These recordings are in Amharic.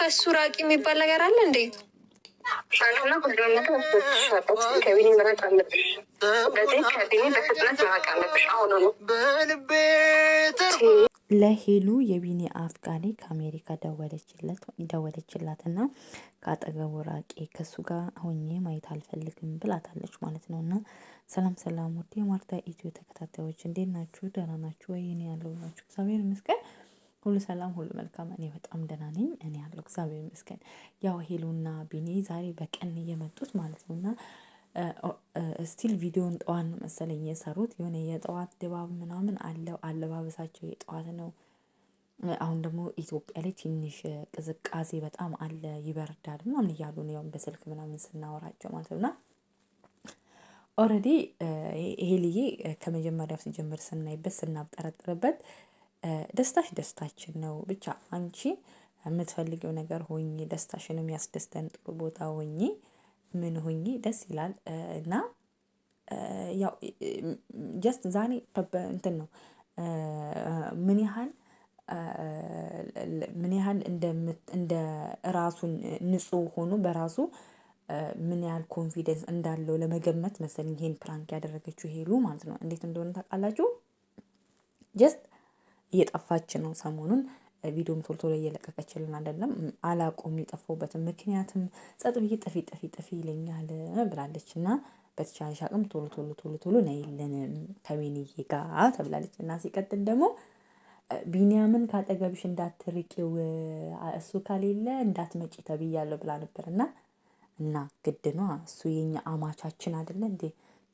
ከሱ ራቂ የሚባል ነገር አለ እንዴ? ለሄሉ የቢኒ አፍቃሪ ከአሜሪካ ደወለችላት እና ከአጠገቡ ራቄ ከሱ ጋር ሆኜ ማየት አልፈልግም ብላታለች ማለት ነው። እና ሰላም ሰላም፣ ውድ የማርታ ኢትዮ ተከታታዮች እንዴት ናችሁ? ደህና ናችሁ ወይ? እኔ ያለሁላችሁ እግዚአብሔር ይመስገን። ሁሉ ሰላም፣ ሁሉ መልካም። እኔ በጣም ደህና ነኝ። እኔ ያለው እግዚአብሔር ይመስገን። ያው ሄሉና ቢኒ ዛሬ በቀን እየመጡት ማለት ነው እና ስቲል ቪዲዮን ጠዋት ነው መሰለኝ የሰሩት። የሆነ የጠዋት ድባብ ምናምን አለው። አለባበሳቸው የጠዋት ነው። አሁን ደግሞ ኢትዮጵያ ላይ ትንሽ ቅዝቃዜ በጣም አለ፣ ይበርዳል ምናምን እያሉ ነው ያው በስልክ ምናምን ስናወራቸው ማለት ነውና ኦልሬዲ ይሄ ልዬ ከመጀመሪያው ሲጀምር ስናይበት ስናብጠረጥርበት ደስታሽ ደስታችን ነው። ብቻ አንቺ የምትፈልጊው ነገር ሆኜ ደስታሽን የሚያስደስተን ጥሩ ቦታ ሆኜ ምን ሆኜ ደስ ይላል እና ያው ጀስት ዛኔ እንትን ነው ምን ያህል ምን ያህል እንደ ራሱን ንጹህ ሆኖ በራሱ ምን ያህል ኮንፊደንስ እንዳለው ለመገመት መሰለኝ ይሄን ፕራንክ ያደረገችው ሄሉ ማለት ነው። እንዴት እንደሆነ ታውቃላችሁ? ጀስት እየጠፋች ነው ሰሞኑን ቪዲዮም ቶሎ ቶሎ እየለቀቀችልን አይደለም። አላቆም የጠፋሁበትም ምክንያትም ጸጥ ብዬ ጠፊ ጠፊ ጠፊ ይለኛል ብላለች እና በተቻለሽ አቅም ቶሎ ቶሎ ቶሎ ቶሎ ነይልን ከቤንዬ ጋር ተብላለች እና ሲቀጥል ደግሞ ቢንያምን ካጠገብሽ እንዳትርቂው እሱ ከሌለ እንዳትመጪ ተብያለሁ ብላ ነበር እና እና ግድ ነው እሱ የኛ አማቻችን አይደለ እንዴ?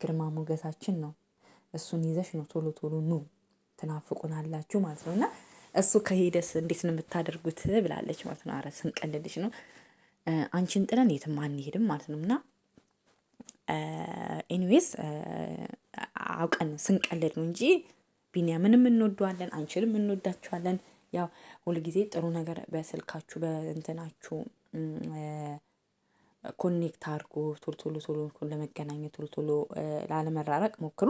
ግርማ ሞገሳችን ነው። እሱን ይዘሽ ነው ቶሎ ቶሎ ኑ ትናፍቁናላችሁ ማለት ነው። እና እሱ ከሄደስ እንዴት ነው የምታደርጉት ብላለች ማለት ነው። አረ ስንቀልልሽ ነው አንቺን ጥለን የትም አንሄድም ማለት ነው። እና ኤኒዌይስ አውቀን ስንቀልል ነው እንጂ ቢኒያምንም እንወደዋለን፣ አንቺንም እንወዳችኋለን። ያው ሁልጊዜ ጥሩ ነገር በስልካችሁ በእንትናችሁ ኮኔክት አድርጎ ቶሎ ቶሎ ቶሎ ለመገናኘት ቶሎ ቶሎ ላለመራረቅ ሞክሩ።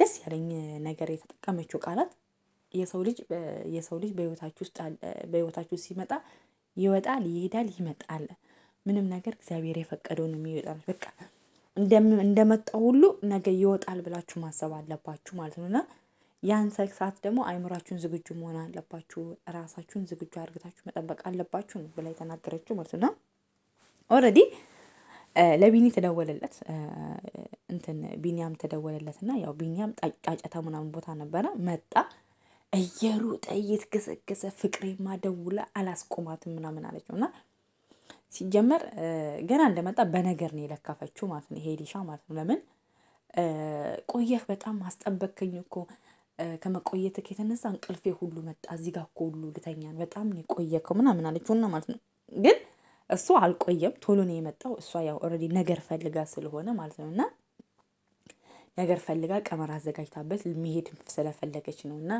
ደስ ያለኝ ነገር የተጠቀመችው ቃላት የሰው ልጅ የሰው ልጅ በህይወታችሁ ውስጥ በህይወታችሁ ሲመጣ ይወጣል፣ ይሄዳል፣ ይመጣል። ምንም ነገር እግዚአብሔር ነው የሚወጣ በቃ እንደመጣው ሁሉ ነገ ይወጣል ብላችሁ ማሰብ አለባችሁ ማለት ነውና ያን ሰዓት ደግሞ አይምራችሁን ዝግጁ መሆን አለባችሁ። ራሳችሁን ዝግጁ አድርግታችሁ መጠበቅ አለባችሁ ብላ የተናገረችው ማለት ነው። ኦልሬዲ ለቢኒ ተደወለለት እንትን ቢኒያም ተደወለለት እና ያው ቢኒያም ጫጫታ ምናምን ቦታ ነበረ። መጣ እየሩጠ እየተገሰገሰ ፍቅሬማ ደውላ አላስቆማትም ምናምን አለችው እና ሲጀመር ገና እንደመጣ በነገር ነው የለካፈችው ማለት ነው። ይሄ ማለት ነው። ለምን ቆየህ? በጣም አስጠበቅከኝ እኮ ከመቆየትክ የተነሳ እንቅልፌ ሁሉ መጣ። እዚህ ጋር እኮ ሁሉ ልተኛን በጣም ነው የቆየከው ምናምን አለችውና ማለት ነው ግን እሱ አልቆየም፣ ቶሎ ነው የመጣው። እሷ ያው ኦልሬዲ ነገር ፈልጋ ስለሆነ ማለት ነው እና ነገር ፈልጋ ቀመር አዘጋጅታበት መሄድ ስለፈለገች ነው እና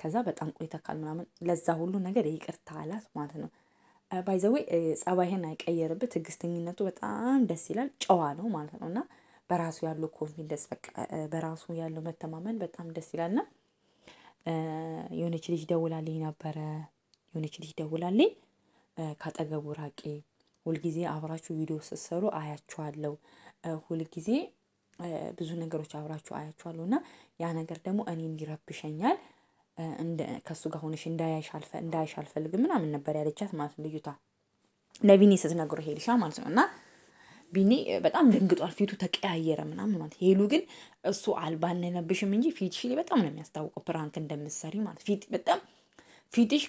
ከዛ በጣም ቆይታ ካል ምናምን ለዛ ሁሉ ነገር ይቅርታ አላት ማለት ነው። ባይዘዌ ጸባይህን አይቀየርብህ። ትዕግስተኝነቱ በጣም ደስ ይላል። ጨዋ ነው ማለት ነው እና በራሱ ያለው ኮንፊደንስ በቃ በራሱ ያለው መተማመን በጣም ደስ ይላል። እና የሆነች ልጅ ደውላልኝ ነበረ የሆነች ልጅ ደውላልኝ ካጠገቡ ራቂ። ሁልጊዜ አብራችሁ ቪዲዮ ስትሰሩ አያችኋለሁ። ሁልጊዜ ብዙ ነገሮች አብራችሁ አያችኋለሁ እና ያ ነገር ደግሞ እኔን ይረብሸኛል። ከእሱ ጋር ሆነሽ እንዳያይሽ አልፈልግም ምናምን ነበር ያለቻት ማለት ነው ልዩቷ ለቢኒ ስትነግረው ሄልሻ ማለት ነው እና ቢኒ በጣም ደንግጧል። ፊቱ ተቀያየረ ምናምን ማለት ሄሉ ግን እሱ አልባልነበሽም እንጂ ፊትሽ በጣም ነው የሚያስታውቀው ፕራንክ እንደምትሰሪ ማለት ፊት በጣም ፊትሽ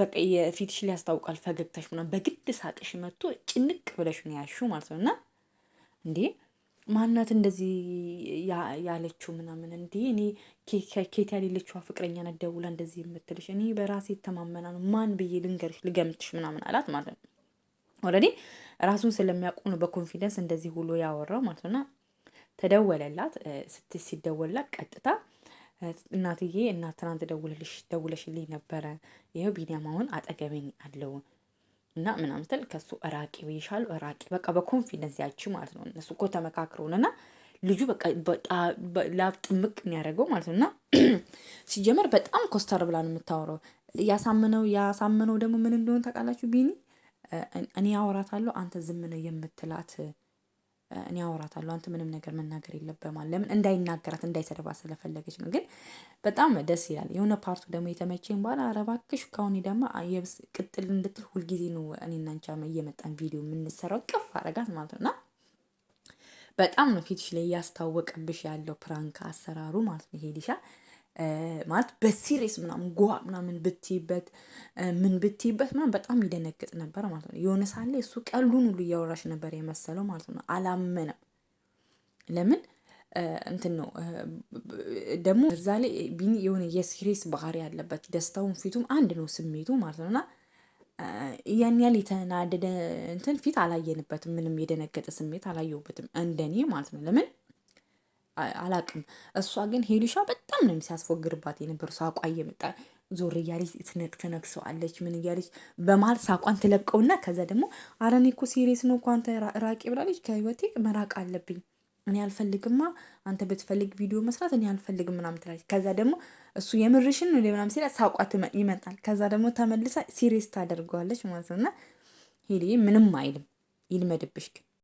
በቃ የፊትሽ ሊያስታውቃል ፈገግታሽ ምናምን በግድ ሳቅሽ መጥቶ ጭንቅ ብለሽ ነው ያልሺው ማለት ነው። እና እንዴ ማናት እንደዚህ ያለችው ምናምን እንዴ እኔ ኬት ያሌለችዋ ፍቅረኛ ናት ደውላ እንደዚህ የምትልሽ እኔ በራሴ የተማመና ነው ማን ብዬ ልንገርሽ ልገምትሽ ምናምን አላት ማለት ነው። ኦልሬዲ ራሱን ስለሚያውቁ ነው በኮንፊደንስ እንደዚህ ሁሉ ያወራው ማለት ነውና ተደወለላት። ሲደወላት ቀጥታ እናትዬ እና ትናንት ደውለልሽ ደውለሽልኝ ነበረ ይኸው ቢኒያም አሁን አጠገቤን አለው እና ምናምን ስትል ከሱ እራቂ ይሻሉ እራቂ በቃ በኮንፊደንስ ያቺ ማለት ነው። እነሱ እኮ ተመካክረውና ልጁ በቃ ላብ ጥምቅ የሚያደርገው ማለት ነው። እና ሲጀመር በጣም ኮስተር ብላ ነው የምታወራው። ያሳምነው ያሳምነው ደግሞ ምን እንደሆነ ታውቃላችሁ? ቢኒ እኔ አወራታለሁ አንተ ዝም ነው የምትላት እኔ አውራታለሁ አንተ ምንም ነገር መናገር የለብህም አለ። ለምን እንዳይናገራት እንዳይሰደባ ስለፈለገች ነው። ግን በጣም ደስ ይላል። የሆነ ፓርቱ ደግሞ የተመቼን በኋላ ኧረ እባክሽ ደግሞ የብስ ቅጥል እንድትል ሁልጊዜ ነው እኔና አንቺ እየመጣን ቪዲዮ የምንሰራው ቅፍ አረጋት ማለት ነው እና በጣም ነው ፊትሽ ላይ እያስታወቀብሽ ያለው ፕራንክ አሰራሩ ማለት ነው ይሄ ሊሻ ማለት በሲሪየስ ምናምን ጓ ምናምን ብትይበት ምን ብትይበት ምናምን በጣም ይደነግጥ ነበር ማለት ነው። የሆነ ሳለ እሱ ቀሉን ሁሉ እያወራሽ ነበር የመሰለው ማለት ነው። አላመነም። ለምን እንትን ነው ደግሞ እዛ ላይ ቢኒ የሆነ የሲሪየስ ባህሪ ያለበት ደስታውን ፊቱም አንድ ነው ስሜቱ ማለት ነው እና ያን ያል የተናደደ እንትን ፊት አላየንበትም። ምንም የደነገጠ ስሜት አላየውበትም እንደኔ ማለት ነው። ለምን አላቅም። እሷ ግን ሄዱሻ በጣም ነው ሲያስፎግርባት የነበሩ ሳቋ እየመጣ ዞር እያለች ትነቅ ትነቅሰዋለች። ምን እያለች በመሀል ሳቋን ትለቀውና ከዛ ደግሞ አረ እኔ እኮ ሲሪየስ ነው እኮ አንተ ራቂ ብላለች። ከህይወቴ መራቅ አለብኝ እኔ አልፈልግማ፣ አንተ ብትፈልግ ቪዲዮ መስራት እኔ አልፈልግም ምናምን ትላለች። ከዛ ደግሞ እሱ የምርሽን ነው ምናምን ሲላ ሳቋ ይመጣል። ከዛ ደግሞ ተመልሳ ሲሪየስ ታደርገዋለች ማለት ነው። እና ሄ ምንም አይልም፣ ይልመድብሽ ግን